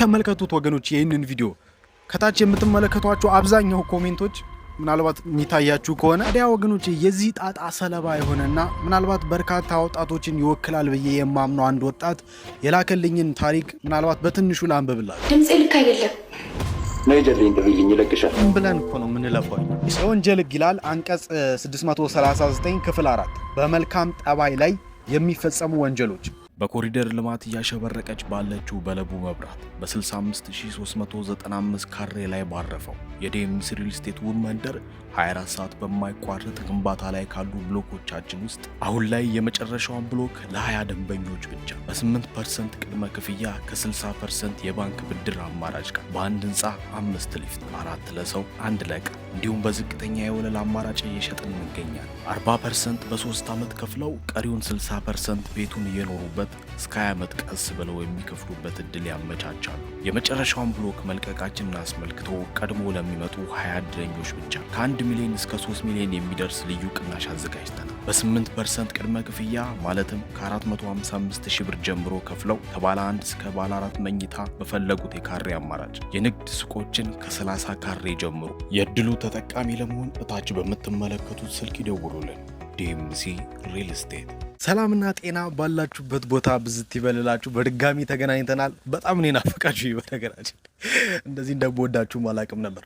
የተመለከቱት ወገኖች ይህንን ቪዲዮ ከታች የምትመለከቷቸው አብዛኛው ኮሜንቶች ምናልባት የሚታያችሁ ከሆነ ታዲያ ወገኖች የዚህ ጣጣ ሰለባ የሆነና ምናልባት በርካታ ወጣቶችን ይወክላል ብዬ የማምነው አንድ ወጣት የላከልኝን ታሪክ ምናልባት በትንሹ ላንብብላችሁ። ድምፄ ልክ አይደለም ብለን እኮ ነው የምንለባኝ። የወንጀል ሕግ ይላል አንቀጽ 639 ክፍል አራት በመልካም ጠባይ ላይ የሚፈጸሙ ወንጀሎች በኮሪደር ልማት እያሸበረቀች ባለችው በለቡ መብራት በ65395 ካሬ ላይ ባረፈው የዴም ሪል ስቴት ውብ መንደር 24 ሰዓት በማይቋረጥ ግንባታ ላይ ካሉ ብሎኮቻችን ውስጥ አሁን ላይ የመጨረሻውን ብሎክ ለ20 ደንበኞች ብቻ በ8 ፐርሰንት ቅድመ ክፍያ ከ60 ፐርሰንት የባንክ ብድር አማራጭ ጋር በአንድ ህንፃ አምስት ሊፍት አራት ለሰው አንድ ለቀን። እንዲሁም በዝቅተኛ የወለል አማራጭ እየሸጥን እንገኛል። 40 ፐርሰንት በሶስት ዓመት ከፍለው ቀሪውን 60 ፐርሰንት ቤቱን እየኖሩበት እስከ 20 ዓመት ቀስ ብለው የሚከፍሉበት እድል ያመቻቻሉ። የመጨረሻውን ብሎክ መልቀቃችንን አስመልክቶ ቀድሞ ለሚመጡ 20 እድለኞች ብቻ ከ1 ሚሊዮን እስከ 3 ሚሊዮን የሚደርስ ልዩ ቅናሽ አዘጋጅተናል። በ8 ፐርሰንት ቅድመ ክፍያ ማለትም ከ455 ሺህ ብር ጀምሮ ከፍለው ከባለ አንድ እስከ ባለ አራት መኝታ በፈለጉት የካሬ አማራጭ የንግድ ሱቆችን ከ30 ካሬ ጀምሮ የእድሉ ተጠቃሚ ለመሆን እታች በምትመለከቱት ስልክ ይደውሉልን። ዲኤምሲ ሪል ስቴት ሰላምና ጤና ባላችሁበት ቦታ ብዝት ይበልላችሁ። በድጋሚ ተገናኝተናል። በጣም እኔ ናፍቃችሁ በነገራችን እንደዚህ እንደምወዳችሁም አላቅም ነበር።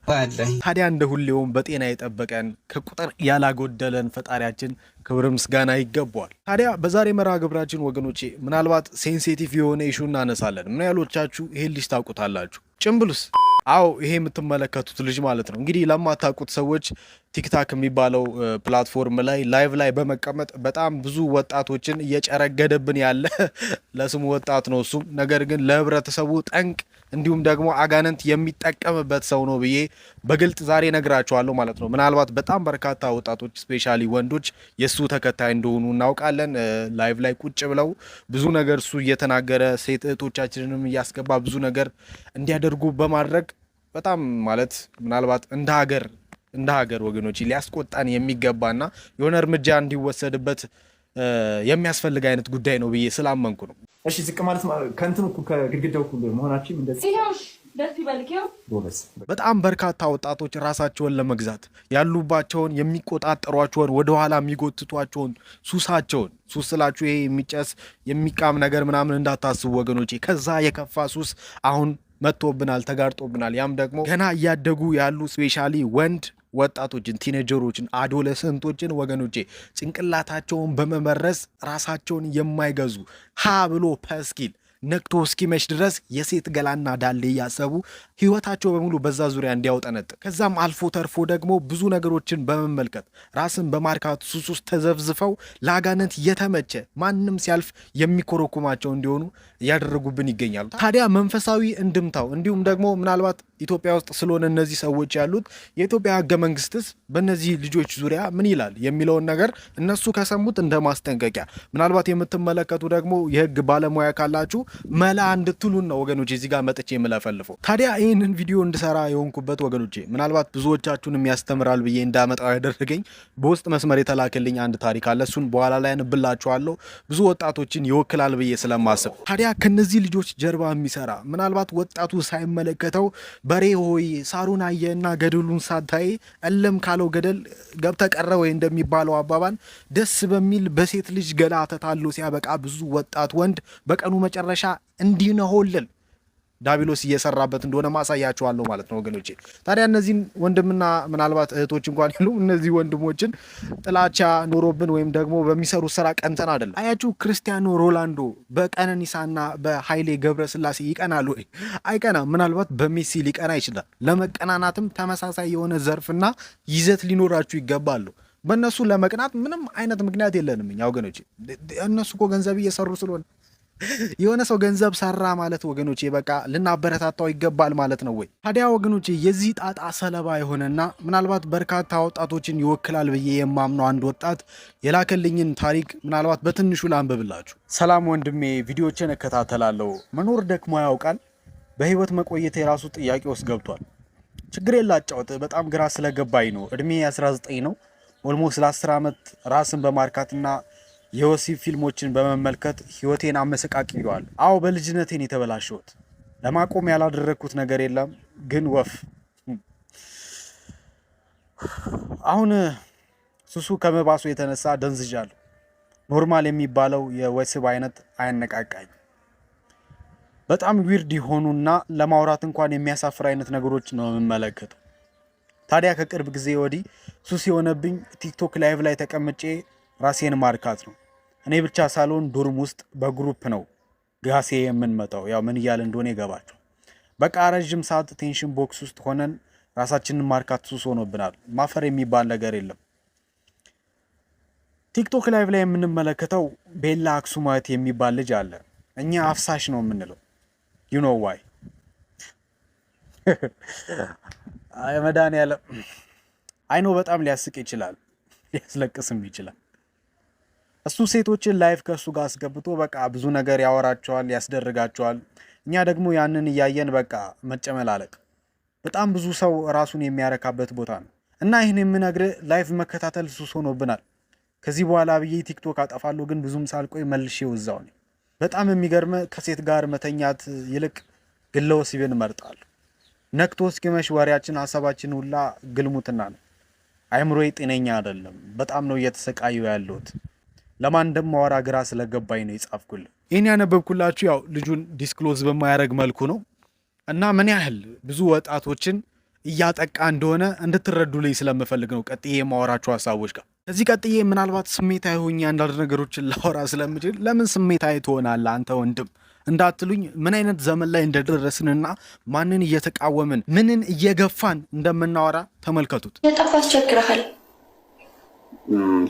ታዲያ እንደ ሁሌውም በጤና የጠበቀን ከቁጥር ያላጎደለን ፈጣሪያችን ክብር ምስጋና ይገባዋል። ታዲያ በዛሬ መርሃ ግብራችን ወገኖቼ ምናልባት ሴንሴቲቭ የሆነ ኢሹ እናነሳለን። ምን ያህሎቻችሁ ይሄን ልጅ ታውቁታላችሁ? ጭምብሉስ አው ይሄ የምትመለከቱት ልጅ ማለት ነው። እንግዲህ ለማታውቁት ሰዎች ቲክታክ የሚባለው ፕላትፎርም ላይ ላይቭ ላይ በመቀመጥ በጣም ብዙ ወጣቶችን እየጨረገደብን ያለ ለስሙ ወጣት ነው እሱም ነገር ግን ለህብረተሰቡ ጠንቅ እንዲሁም ደግሞ አጋንንት የሚጠቀምበት ሰው ነው ብዬ በግልጽ ዛሬ ነግራችኋለሁ ማለት ነው። ምናልባት በጣም በርካታ ወጣቶች ስፔሻሊ ወንዶች የእሱ ተከታይ እንደሆኑ እናውቃለን። ላይቭ ላይ ቁጭ ብለው ብዙ ነገር እሱ እየተናገረ ሴት እህቶቻችንንም እያስገባ ብዙ ነገር እንዲያደርጉ በማድረግ በጣም ማለት ምናልባት እንደ ሀገር እንደ ሀገር ወገኖች ሊያስቆጣን የሚገባና የሆነ እርምጃ እንዲወሰድበት የሚያስፈልግ አይነት ጉዳይ ነው ብዬ ስላመንኩ ነው። እሺ ዝቅ ማለት ከንትን እኩል ከግድግዳው ሁሉ መሆናችን በጣም በርካታ ወጣቶች ራሳቸውን ለመግዛት ያሉባቸውን የሚቆጣጠሯቸውን ወደኋላ የሚጎትቷቸውን ሱሳቸውን ሱስ ስላችሁ ይሄ የሚጨስ የሚቃም ነገር ምናምን እንዳታስቡ ወገኖቼ። ከዛ የከፋ ሱስ አሁን መጥቶብናል፣ ተጋርጦብናል። ያም ደግሞ ገና እያደጉ ያሉ ስፔሻሊ ወንድ ወጣቶችን፣ ቲኔጀሮችን፣ አዶለሰንቶችን ወገኖቼ ጭንቅላታቸውን በመመረዝ ራሳቸውን የማይገዙ ሀ ብሎ ፐስኪል ነቅቶ እስኪመሽ ድረስ የሴት ገላና ዳሌ እያሰቡ ህይወታቸው በሙሉ በዛ ዙሪያ እንዲያውጠነጥን ከዛም አልፎ ተርፎ ደግሞ ብዙ ነገሮችን በመመልከት ራስን በማርካት ሱስ ውስጥ ተዘብዝፈው ለአጋንንት የተመቸ ማንም ሲያልፍ የሚኮረኩማቸው እንዲሆኑ እያደረጉብን ይገኛሉ። ታዲያ መንፈሳዊ እንድምታው እንዲሁም ደግሞ ምናልባት ኢትዮጵያ ውስጥ ስለሆነ እነዚህ ሰዎች ያሉት የኢትዮጵያ ህገ መንግስትስ በእነዚህ ልጆች ዙሪያ ምን ይላል የሚለውን ነገር እነሱ ከሰሙት እንደ ማስጠንቀቂያ ምናልባት የምትመለከቱ ደግሞ የህግ ባለሙያ ካላችሁ መላ እንድትሉን ነው ወገኖቼ እዚህ ጋር መጥቼ የምለፈልፈው። ታዲያ ይህንን ቪዲዮ እንድሰራ የሆንኩበት ወገኖቼ ምናልባት ብዙዎቻችሁን የሚያስተምራል ብዬ እንዳመጣው ያደረገኝ በውስጥ መስመር የተላከልኝ አንድ ታሪክ አለ። እሱን በኋላ ላይ አንብላችኋለሁ። ብዙ ወጣቶችን ይወክላል ብዬ ስለማስብ ታዲያ ከነዚህ ልጆች ጀርባ የሚሰራ ምናልባት ወጣቱ ሳይመለከተው በሬ ሆይ ሳሩን አየና ገደሉን ሳታይ እለም ካለው ገደል ገብተ ቀረ ወይ እንደሚባለው አባባል ደስ በሚል በሴት ልጅ ገላ ተታሎ ሲያበቃ ብዙ ወጣት ወንድ በቀኑ መጨረሻ መጨረሻ እንዲነሆልን ዳቢሎስ እየሰራበት እንደሆነ ማሳያችኋለሁ ማለት ነው ወገኖቼ። ታዲያ እነዚህን ወንድምና ምናልባት እህቶች እንኳን የሉም እነዚህ ወንድሞችን ጥላቻ ኖሮብን ወይም ደግሞ በሚሰሩ ስራ ቀንተን አይደለም። አያችሁ ክርስቲያኖ ሮላንዶ በቀነኒሳና በኃይሌ ገብረስላሴ ይቀናል ወይ? ምናልባት በሜሲ ሊቀና ይችላል። ለመቀናናትም ተመሳሳይ የሆነ ዘርፍና ይዘት ሊኖራችሁ ይገባሉ። በእነሱ ለመቅናት ምንም አይነት ምክንያት የለንም እኛ ወገኖቼ። እነሱ እኮ ገንዘብ እየሰሩ ስለሆነ የሆነ ሰው ገንዘብ ሰራ ማለት ወገኖቼ በቃ ልናበረታታው ይገባል ማለት ነው ወይ? ታዲያ ወገኖቼ የዚህ ጣጣ ሰለባ የሆነና ምናልባት በርካታ ወጣቶችን ይወክላል ብዬ የማምነው አንድ ወጣት የላከልኝን ታሪክ ምናልባት በትንሹ ላንብብላችሁ። ሰላም ወንድሜ፣ ቪዲዮችን እከታተላለሁ። መኖር ደክሞ ያውቃል። በህይወት መቆየት የራሱ ጥያቄ ውስጥ ገብቷል። ችግር የላጫውጥ በጣም ግራ ስለገባኝ ነው። እድሜ 19 ነው። ኦልሞስት ለ10 ዓመት ራስን በማርካትና የወሲብ ፊልሞችን በመመልከት ህይወቴን አመሰቃቅሏል። አዎ በልጅነቴን የተበላሸሁት ለማቆም ያላደረግኩት ነገር የለም። ግን ወፍ አሁን ሱሱ ከመባሱ የተነሳ ደንዝዣለሁ። ኖርማል የሚባለው የወሲብ አይነት አያነቃቃኝ። በጣም ዊርድ የሆኑና ለማውራት እንኳን የሚያሳፍር አይነት ነገሮች ነው የምመለከተው። ታዲያ ከቅርብ ጊዜ ወዲህ ሱስ የሆነብኝ ቲክቶክ ላይቭ ላይ ተቀምጬ ራሴን ማርካት ነው። እኔ ብቻ ሳልሆን ዱርም ውስጥ በግሩፕ ነው ጋሴ የምንመጣው። ያው ምን እያለ እንደሆነ ይገባቸው። በቃ ረዥም ሰዓት ቴንሽን ቦክስ ውስጥ ሆነን ራሳችንን ማርካት ሱስ ሆኖብናል። ማፈር የሚባል ነገር የለም። ቲክቶክ ላይቭ ላይ የምንመለከተው ቤላ አክሱማት የሚባል ልጅ አለ። እኛ አፍሳሽ ነው የምንለው። ዩ ኖ ዋይ መድኃኒዓለም አይኖ በጣም ሊያስቅ ይችላል፣ ሊያስለቅስም ይችላል። እሱ ሴቶችን ላይፍ ከእሱ ጋር አስገብቶ በቃ ብዙ ነገር ያወራቸዋል፣ ያስደርጋቸዋል። እኛ ደግሞ ያንን እያየን በቃ መጨመላለቅ። በጣም ብዙ ሰው ራሱን የሚያረካበት ቦታ ነው እና ይህን የምነግር ላይፍ መከታተል ሱስ ሆኖብናል። ከዚህ በኋላ ብዬ ቲክቶክ አጠፋለሁ፣ ግን ብዙም ሳልቆይ መልሼ እዛው ነኝ። በጣም የሚገርመ ከሴት ጋር መተኛት ይልቅ ግለ ወሲብን እመርጣለሁ። ነክቶ እስኪመሽ ወሬያችን፣ ሀሳባችን ሁላ ግልሙትና ነው። አይምሮዬ ጤነኛ አይደለም። በጣም ነው እየተሰቃየሁ ያለሁት። ለማን እንደማወራ ግራ ስለገባኝ ነው የጻፍኩል። ይህን ያነበብኩላችሁ ያው ልጁን ዲስክሎዝ በማያደረግ መልኩ ነው እና ምን ያህል ብዙ ወጣቶችን እያጠቃ እንደሆነ እንድትረዱልኝ ስለምፈልግ ነው። ቀጥዬ የማወራችሁ ሀሳቦች ጋር ከዚህ ቀጥዬ ምናልባት ስሜታዊ ሆኜ አንዳንድ ነገሮችን ላወራ ስለምችል ለምን ስሜታዊ ትሆናለህ አንተ ወንድም እንዳትሉኝ ምን አይነት ዘመን ላይ እንደደረስንና ማንን እየተቃወምን ምንን እየገፋን እንደምናወራ ተመልከቱት። የጠፋ አስቸግረሃል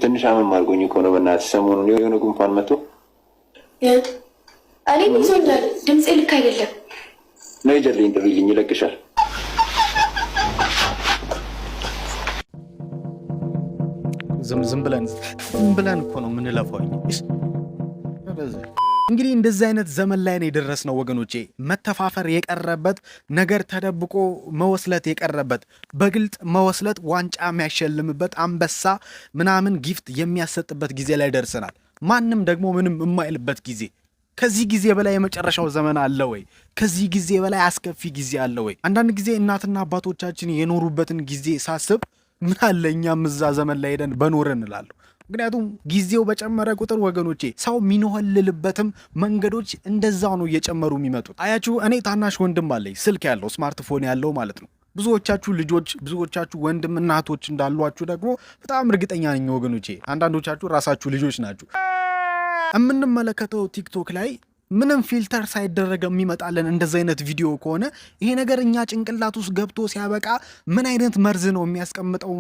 ትንሽ አመም አድርጎኝ እኮ ነው። በእናትህ ሰሞኑን የሆነ ጉንፋን መቶ እኔ ብዙ ድምፄ ልክ አይደለም ነው የጀልኝ ጥሪልኝ ይለቅሻል። ዝም ዝም ብለን ዝም ብለን እኮ ነው የምንለፋው። እንግዲህ እንደዚህ አይነት ዘመን ላይ ነው የደረስነው ወገኖቼ። መተፋፈር የቀረበት ነገር ተደብቆ መወስለት የቀረበት በግልጥ መወስለት ዋንጫ የሚያሸልምበት አንበሳ ምናምን ጊፍት የሚያሰጥበት ጊዜ ላይ ደርሰናል። ማንም ደግሞ ምንም የማይልበት ጊዜ። ከዚህ ጊዜ በላይ የመጨረሻው ዘመን አለ ወይ? ከዚህ ጊዜ በላይ አስከፊ ጊዜ አለ ወይ? አንዳንድ ጊዜ እናትና አባቶቻችን የኖሩበትን ጊዜ ሳስብ ምን እኛም እዛ ዘመን ላይ ሄደን በኖር እንላለሁ። ምክንያቱም ጊዜው በጨመረ ቁጥር ወገኖቼ ሰው የሚንሆልልበትም መንገዶች እንደዛው ነው እየጨመሩ የሚመጡት። አያችሁ እኔ ታናሽ ወንድም አለኝ ስልክ ያለው ስማርትፎን ያለው ማለት ነው። ብዙዎቻችሁ ልጆች ብዙዎቻችሁ ወንድም እናቶች እንዳሏችሁ ደግሞ በጣም እርግጠኛ ነኝ ወገኖቼ። አንዳንዶቻችሁ ራሳችሁ ልጆች ናችሁ። የምንመለከተው ቲክቶክ ላይ ምንም ፊልተር ሳይደረገ የሚመጣለን እንደዚህ አይነት ቪዲዮ ከሆነ ይሄ ነገር እኛ ጭንቅላት ውስጥ ገብቶ ሲያበቃ ምን አይነት መርዝ ነው የሚያስቀምጠው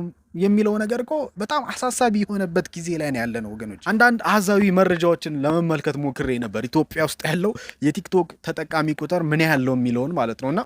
የሚለው ነገር እኮ በጣም አሳሳቢ የሆነበት ጊዜ ላይ ነው ያለ ነው ወገኖች። አንዳንድ አሃዛዊ መረጃዎችን ለመመልከት ሞክሬ ነበር፣ ኢትዮጵያ ውስጥ ያለው የቲክቶክ ተጠቃሚ ቁጥር ምን ያህል ነው የሚለውን ማለት ነው እና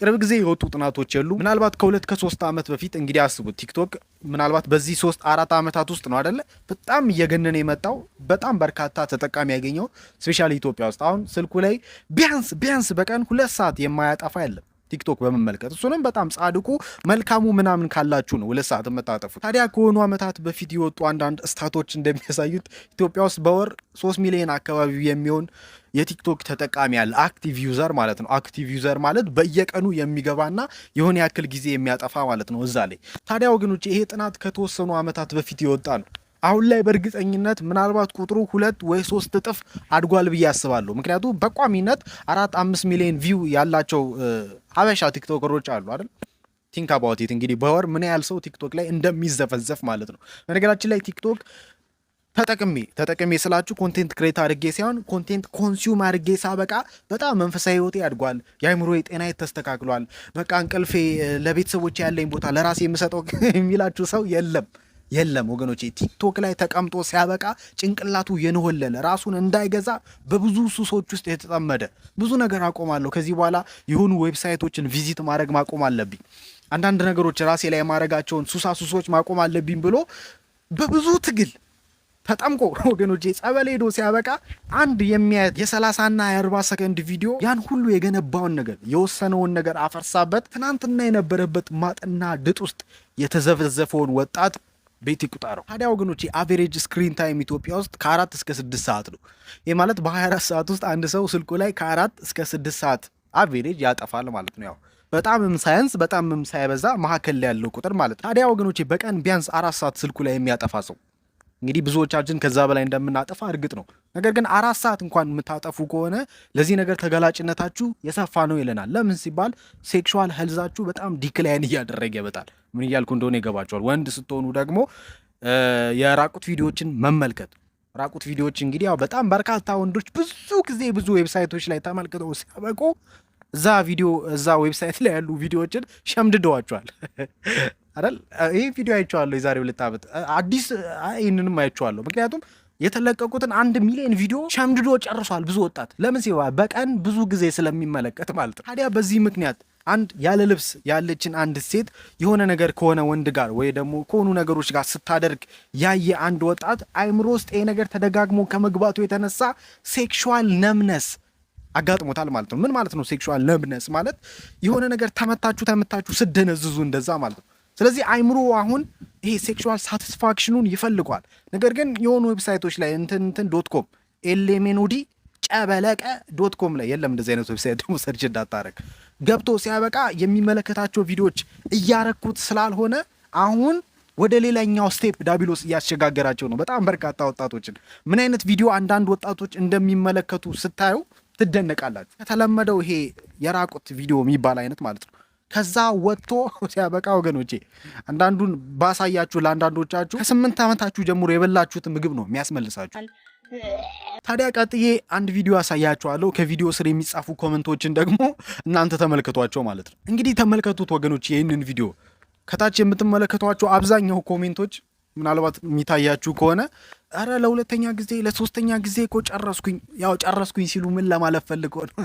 ቅርብ ጊዜ የወጡ ጥናቶች የሉ ምናልባት ከሁለት ከሶስት ዓመት በፊት እንግዲህ አስቡት ቲክቶክ ምናልባት በዚህ ሶስት አራት ዓመታት ውስጥ ነው አደለ በጣም እየገነነ የመጣው በጣም በርካታ ተጠቃሚ ያገኘው ስፔሻሊ ኢትዮጵያ ውስጥ አሁን ስልኩ ላይ ቢያንስ ቢያንስ በቀን ሁለት ሰዓት የማያጠፋ የለም ቲክቶክ በመመልከት እሱንም በጣም ጻድቁ መልካሙ ምናምን ካላችሁ ነው ሁለት ሰዓት የምታጠፉት። ታዲያ ከሆኑ ዓመታት በፊት የወጡ አንዳንድ እስታቶች እንደሚያሳዩት ኢትዮጵያ ውስጥ በወር ሶስት ሚሊዮን አካባቢ የሚሆን የቲክቶክ ተጠቃሚ ያለ አክቲቭ ዩዘር ማለት ነው። አክቲቭ ዩዘር ማለት በየቀኑ የሚገባና የሆነ ያክል ጊዜ የሚያጠፋ ማለት ነው እዛ ላይ። ታዲያ ወገኖች ይሄ ጥናት ከተወሰኑ ዓመታት በፊት የወጣ ነው። አሁን ላይ በእርግጠኝነት ምናልባት ቁጥሩ ሁለት ወይ ሶስት እጥፍ አድጓል ብዬ አስባለሁ። ምክንያቱም በቋሚነት አራት አምስት ሚሊዮን ቪው ያላቸው ሀበሻ ቲክቶከሮች አሉ አይደል ቲንክ አባውት ኢት እንግዲህ በወር ምን ያህል ሰው ቲክቶክ ላይ እንደሚዘፈዘፍ ማለት ነው። በነገራችን ላይ ቲክቶክ ተጠቅሜ ተጠቅሜ ስላችሁ ኮንቴንት ክሬት አድርጌ ሳይሆን ኮንቴንት ኮንሱም አድርጌ ሳበቃ በጣም መንፈሳዊ ህይወቴ አድጓል። የአይምሮ ጤና ተስተካክሏል። በቃ እንቅልፌ፣ ለቤተሰቦች ያለኝ ቦታ፣ ለራሴ የምሰጠው የሚላችሁ ሰው የለም የለም ወገኖቼ። ቲክቶክ ላይ ተቀምጦ ሲያበቃ ጭንቅላቱ የንሆለለ ራሱን እንዳይገዛ በብዙ ሱሶች ውስጥ የተጠመደ ብዙ ነገር አቆማለሁ። ከዚህ በኋላ የሆኑ ዌብሳይቶችን ቪዚት ማድረግ ማቆም አለብኝ። አንዳንድ ነገሮች ራሴ ላይ ማድረጋቸውን ሱሳ ሱሶች ማቆም አለብኝ ብሎ በብዙ ትግል ተጠምቆ ወገኖቼ ጸበል ሄዶ ሲያበቃ አንድ የሚያየት የሰላሳና የአርባ ሰከንድ ቪዲዮ ያን ሁሉ የገነባውን ነገር የወሰነውን ነገር አፈርሳበት ትናንትና የነበረበት ማጥና ድጥ ውስጥ የተዘፈዘፈውን ወጣት ቤት ይቁጠረው። ታዲያ ወገኖቼ አቬሬጅ ስክሪን ታይም ኢትዮጵያ ውስጥ ከአራት እስከ ስድስት ሰዓት ነው። ይህ ማለት በ24 ሰዓት ውስጥ አንድ ሰው ስልኩ ላይ ከአራት እስከ ስድስት ሰዓት አቬሬጅ ያጠፋል ማለት ነው ያው በጣምም ሳያንስ በጣምም ሳይበዛ መካከል ላይ ያለው ቁጥር ማለት ታዲያ ወገኖቼ በቀን ቢያንስ አራት ሰዓት ስልኩ ላይ የሚያጠፋ ሰው እንግዲህ ብዙዎቻችን ከዛ በላይ እንደምናጠፋ እርግጥ ነው። ነገር ግን አራት ሰዓት እንኳን የምታጠፉ ከሆነ ለዚህ ነገር ተገላጭነታችሁ የሰፋ ነው ይለናል። ለምን ሲባል ሴክሹዋል ሄልዛችሁ በጣም ዲክላይን እያደረገ ይመጣል። ምን እያልኩ እንደሆነ ይገባችኋል። ወንድ ስትሆኑ ደግሞ የራቁት ቪዲዮዎችን መመልከት ራቁት ቪዲዮዎች እንግዲህ ያው በጣም በርካታ ወንዶች ብዙ ጊዜ ብዙ ዌብሳይቶች ላይ ተመልክተው ሲያበቁ እዛ ቪዲዮ እዛ ዌብሳይት ላይ ያሉ ቪዲዮዎችን ሸምድደዋቸዋል። አይደል? ይህ ቪዲዮ አይቼዋለሁ የዛሬ ሁለት ዓመት አዲስ ይህንንም አይቼዋለሁ። ምክንያቱም የተለቀቁትን አንድ ሚሊዮን ቪዲዮ ሸምድዶ ጨርሷል። ብዙ ወጣት ለምን ሲባ በቀን ብዙ ጊዜ ስለሚመለከት ማለት ነው። ታዲያ በዚህ ምክንያት አንድ ያለ ልብስ ያለችን አንድ ሴት የሆነ ነገር ከሆነ ወንድ ጋር ወይ ደግሞ ከሆኑ ነገሮች ጋር ስታደርግ ያየ አንድ ወጣት አይምሮ ውስጥ ይሄ ነገር ተደጋግሞ ከመግባቱ የተነሳ ሴክሹዋል ነምነስ አጋጥሞታል ማለት ነው። ምን ማለት ነው ሴክሹዋል ነምነስ ማለት? የሆነ ነገር ተመታችሁ ተመታችሁ ስደነዝዙ እንደዛ ማለት ነው። ስለዚህ አይምሮ አሁን ይሄ ሴክሹዋል ሳቲስፋክሽኑን ይፈልጓል። ነገር ግን የሆኑ ዌብሳይቶች ላይ እንትን እንትን ዶት ኮም ኤሌሜኖዲ ጨበለቀ ዶት ኮም ላይ የለም። እንደዚህ አይነት ዌብሳይት ደግሞ ሰርች እንዳታረግ ገብቶ ሲያበቃ የሚመለከታቸው ቪዲዮዎች እያረኩት ስላልሆነ አሁን ወደ ሌላኛው ስቴፕ ዳቢሎስ እያሸጋገራቸው ነው። በጣም በርካታ ወጣቶችን ምን አይነት ቪዲዮ አንዳንድ ወጣቶች እንደሚመለከቱ ስታዩ ትደነቃላችሁ። ከተለመደው ይሄ የራቁት ቪዲዮ የሚባል አይነት ማለት ነው ከዛ ወጥቶ ሲያበቃ ወገኖቼ አንዳንዱን ባሳያችሁ ለአንዳንዶቻችሁ ከስምንት ዓመታችሁ ጀምሮ የበላችሁት ምግብ ነው የሚያስመልሳችሁ። ታዲያ ቀጥዬ አንድ ቪዲዮ ያሳያችኋለሁ። ከቪዲዮ ስር የሚጻፉ ኮመንቶችን ደግሞ እናንተ ተመልከቷቸው ማለት ነው። እንግዲህ ተመልከቱት ወገኖች፣ ይህንን ቪዲዮ ከታች የምትመለከቷቸው አብዛኛው ኮሜንቶች ምናልባት የሚታያችሁ ከሆነ አረ ለሁለተኛ ጊዜ ለሶስተኛ ጊዜ እኮ ጨረስኩኝ፣ ያው ጨረስኩኝ ሲሉ ምን ለማለት ፈልገው ነው?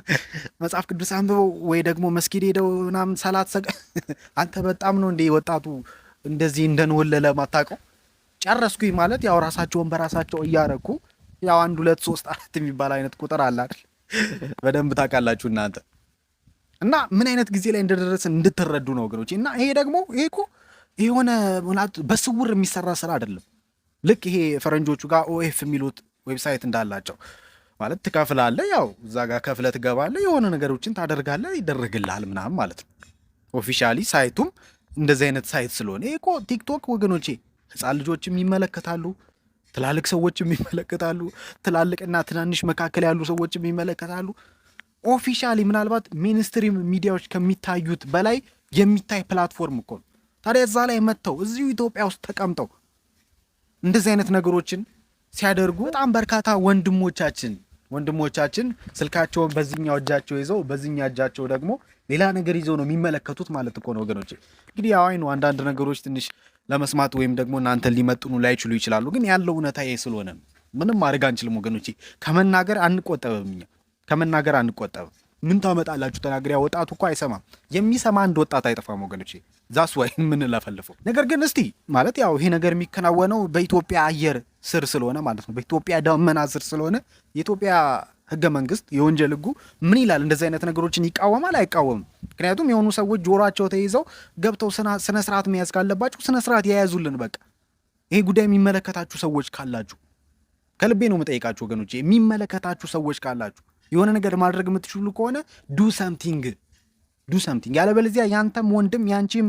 መጽሐፍ ቅዱስ አንብበው ወይ ደግሞ መስጊድ ሄደው ምናምን ሰላት ሰገ አንተ በጣም ነው እንደ ወጣቱ እንደዚህ እንደንወለ ማታውቀው ጨረስኩኝ ማለት ያው ራሳቸውን በራሳቸው እያረኩ ያው አንድ ሁለት ሶስት አራት የሚባል አይነት ቁጥር አለ አይደል? በደንብ ታውቃላችሁ እናንተ እና ምን አይነት ጊዜ ላይ እንደደረስን እንድትረዱ ነው ወገኖች። እና ይሄ ደግሞ ይሄ እኮ የሆነ በስውር የሚሰራ ስራ አይደለም። ልክ ይሄ ፈረንጆቹ ጋር ኦኤፍ የሚሉት ዌብሳይት እንዳላቸው ማለት ትከፍላለ፣ ያው እዛ ጋር ከፍለ ትገባለ፣ የሆነ ነገሮችን ታደርጋለ፣ ይደረግልሃል ምናምን ማለት ነው። ኦፊሻሊ ሳይቱም እንደዚህ አይነት ሳይት ስለሆነ ይሄ እኮ ቲክቶክ ወገኖቼ፣ ህፃን ልጆችም ይመለከታሉ፣ ትላልቅ ሰዎችም ይመለከታሉ፣ ትላልቅና ትናንሽ መካከል ያሉ ሰዎችም ይመለከታሉ። ኦፊሻሊ ምናልባት ሚኒስትሪም ሚዲያዎች ከሚታዩት በላይ የሚታይ ፕላትፎርም እኮ ነው። ታዲያ እዛ ላይ መጥተው እዚሁ ኢትዮጵያ ውስጥ ተቀምጠው እንደዚህ አይነት ነገሮችን ሲያደርጉ በጣም በርካታ ወንድሞቻችን ወንድሞቻችን ስልካቸውን በዚኛው እጃቸው ይዘው በዚኛ እጃቸው ደግሞ ሌላ ነገር ይዘው ነው የሚመለከቱት ማለት እኮ ነው ወገኖች። እንግዲህ አዋይ ነው አንዳንድ ነገሮች ትንሽ ለመስማት ወይም ደግሞ እናንተ ሊመጥኑ ላይችሉ ይችላሉ። ግን ያለው እውነታ ይሄ ስለሆነ ምንም ማድረግ አንችልም ወገኖች ከመናገር አንቆጠብም፣ ከመናገር አንቆጠብም። ምን ታመጣላችሁ ተናግሪ። ወጣቱ እኮ አይሰማም። የሚሰማ አንድ ወጣት አይጠፋም ወገኖች። ዛስ ዋይ የምንለፈልፈው ነገር ግን እስቲ ማለት ያው ይሄ ነገር የሚከናወነው በኢትዮጵያ አየር ስር ስለሆነ ማለት ነው፣ በኢትዮጵያ ደመና ስር ስለሆነ የኢትዮጵያ ህገ መንግስት የወንጀል ህጉ ምን ይላል? እንደዚህ አይነት ነገሮችን ይቃወማል አይቃወምም? ምክንያቱም የሆኑ ሰዎች ጆሯቸው ተይዘው ገብተው ስነ ስርዓት መያዝ ካለባቸው ስነ ስርዓት የያዙልን። በቃ ይሄ ጉዳይ የሚመለከታችሁ ሰዎች ካላችሁ ከልቤ ነው የምጠይቃችሁ ወገኖች፣ የሚመለከታችሁ ሰዎች ካላችሁ የሆነ ነገር ማድረግ የምትችሉ ከሆነ ዱ ሰምቲንግ ዱ ሰምቲንግ። ያለበለዚያ ያንተም ወንድም ያንቺም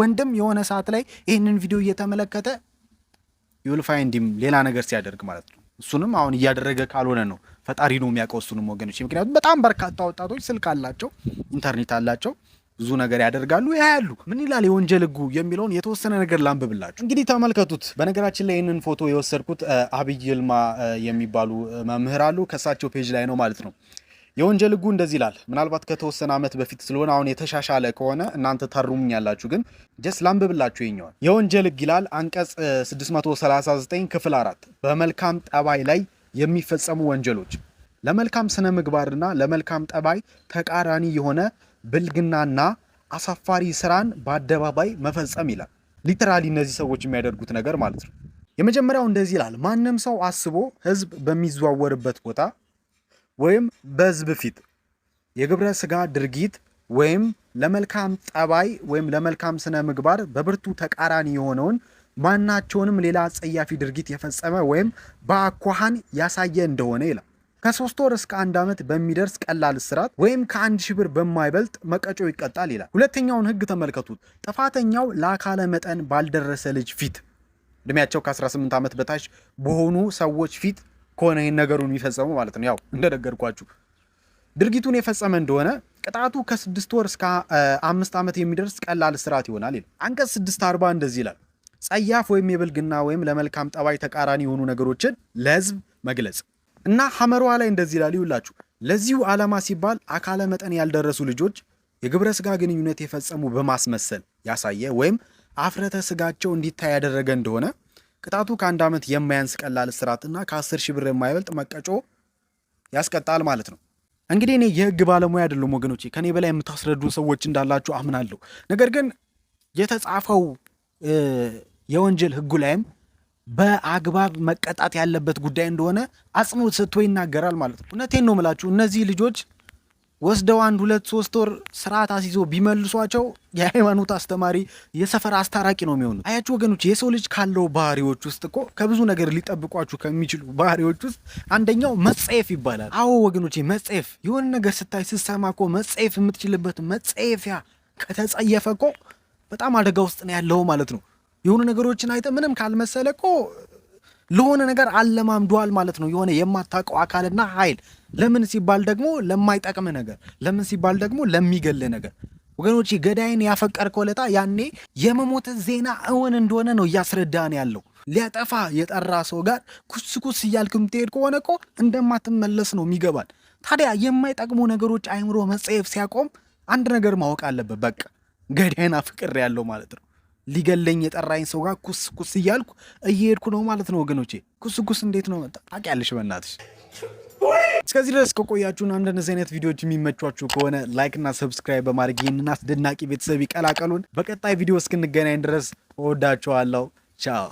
ወንድም የሆነ ሰዓት ላይ ይህንን ቪዲዮ እየተመለከተ ዩል ፋይንዲም ሌላ ነገር ሲያደርግ ማለት ነው። እሱንም አሁን እያደረገ ካልሆነ ነው ፈጣሪ ነው የሚያውቀው እሱንም ወገኖች። ምክንያቱም በጣም በርካታ ወጣቶች ስልክ አላቸው፣ ኢንተርኔት አላቸው ብዙ ነገር ያደርጋሉ ያያሉ። ምን ይላል የወንጀል ህጉ የሚለውን የተወሰነ ነገር ላንብብላችሁ። እንግዲህ ተመልከቱት። በነገራችን ላይ ይህንን ፎቶ የወሰድኩት አብይ ይልማ የሚባሉ መምህር አሉ ከእሳቸው ፔጅ ላይ ነው ማለት ነው። የወንጀል ህጉ እንደዚህ ይላል። ምናልባት ከተወሰነ ዓመት በፊት ስለሆነ አሁን የተሻሻለ ከሆነ እናንተ ታርሙኛላችሁ፣ ግን ጀስ ላንብብላችሁ ይኛዋል። የወንጀል ህግ ይላል አንቀጽ 639 ክፍል 4 በመልካም ጠባይ ላይ የሚፈጸሙ ወንጀሎች ለመልካም ስነ ምግባርና ለመልካም ጠባይ ተቃራኒ የሆነ ብልግናና አሳፋሪ ስራን በአደባባይ መፈጸም ይላል። ሊተራሊ እነዚህ ሰዎች የሚያደርጉት ነገር ማለት ነው። የመጀመሪያው እንደዚህ ይላል። ማንም ሰው አስቦ ህዝብ በሚዘዋወርበት ቦታ ወይም በህዝብ ፊት የግብረ ስጋ ድርጊት ወይም ለመልካም ጠባይ ወይም ለመልካም ስነ ምግባር በብርቱ ተቃራኒ የሆነውን ማናቸውንም ሌላ ጸያፊ ድርጊት የፈጸመ ወይም በአኳኋን ያሳየ እንደሆነ ይላል። ከሶስት ወር እስከ አንድ ዓመት በሚደርስ ቀላል እስራት ወይም ከአንድ ሺህ ብር በማይበልጥ መቀጮ ይቀጣል ይላል። ሁለተኛውን ህግ ተመልከቱት። ጥፋተኛው ለአካለ መጠን ባልደረሰ ልጅ ፊት እድሜያቸው ከ18 ዓመት በታች በሆኑ ሰዎች ፊት ከሆነ ይህን ነገሩን የሚፈጸሙ ማለት ነው። ያው እንደነገርኳችሁ ድርጊቱን የፈጸመ እንደሆነ ቅጣቱ ከስድስት ወር እስከ አምስት ዓመት የሚደርስ ቀላል እስራት ይሆናል ይላል። አንቀጽ ስድስት አርባ እንደዚህ ይላል ጸያፍ ወይም የብልግና ወይም ለመልካም ጠባይ ተቃራኒ የሆኑ ነገሮችን ለህዝብ መግለጽ እና ሐመሯ ላይ እንደዚህ ይላል። ይውላችሁ ለዚሁ ዓላማ ሲባል አካለ መጠን ያልደረሱ ልጆች የግብረ ሥጋ ግንኙነት የፈጸሙ በማስመሰል ያሳየ ወይም አፍረተ ሥጋቸው እንዲታይ ያደረገ እንደሆነ ቅጣቱ ከአንድ ዓመት የማያንስ ቀላል እስራትና ከአስር ሺህ ብር የማይበልጥ መቀጮ ያስቀጣል ማለት ነው። እንግዲህ እኔ የህግ ባለሙያ አይደለም ወገኖቼ፣ ከኔ በላይ የምታስረዱ ሰዎች እንዳላችሁ አምናለሁ። ነገር ግን የተጻፈው የወንጀል ህጉ ላይም በአግባብ መቀጣት ያለበት ጉዳይ እንደሆነ አጽንኦት ሰጥቶ ይናገራል ማለት ነው። እውነቴን ነው የምላችሁ እነዚህ ልጆች ወስደው አንድ ሁለት ሶስት ወር ስርዓት አስይዞ ቢመልሷቸው የሃይማኖት አስተማሪ፣ የሰፈር አስታራቂ ነው የሚሆኑት። አያችሁ ወገኖች፣ የሰው ልጅ ካለው ባህሪዎች ውስጥ እኮ ከብዙ ነገር ሊጠብቋችሁ ከሚችሉ ባህሪዎች ውስጥ አንደኛው መጸየፍ ይባላል። አዎ ወገኖች፣ መጸየፍ የሆነ ነገር ስታይ ስትሰማ እኮ መጸየፍ የምትችልበት መጸየፊያ ከተጸየፈ እኮ በጣም አደጋ ውስጥ ነው ያለው ማለት ነው። የሆኑ ነገሮችን አይተ ምንም ካልመሰለ እኮ ለሆነ ነገር አለማምዷል ማለት ነው። የሆነ የማታውቀው አካልና ኃይል ለምን ሲባል ደግሞ ለማይጠቅም ነገር፣ ለምን ሲባል ደግሞ ለሚገል ነገር። ወገኖች ገዳይን ያፈቀርከው ዕለት ያኔ የመሞት ዜና እውን እንደሆነ ነው እያስረዳን ያለው። ሊያጠፋ የጠራ ሰው ጋር ኩስ እያልክ የምትሄድ ከሆነ እኮ እንደማትመለስ ነው የሚገባል። ታዲያ የማይጠቅሙ ነገሮች አይምሮ መጸየፍ ሲያቆም አንድ ነገር ማወቅ አለበት። በቃ ገዳይን አፍቅሬ ያለው ማለት ነው። ሊገለኝ የጠራኝ ሰው ጋር ኩስ ኩስ እያልኩ እየሄድኩ ነው ማለት ነው ወገኖቼ። ኩስ ኩስ እንዴት ነው ታውቂያለሽ? በእናትሽ እስከዚህ ድረስ ከቆያችሁን አንድ አይነት ቪዲዮዎች የሚመቿችሁ ከሆነ ላይክ እና ሰብስክራይብ በማድረግ ይህንን አስደናቂ ቤተሰብ ይቀላቀሉን። በቀጣይ ቪዲዮ እስክንገናኝ ድረስ እወዳችኋለሁ። ቻው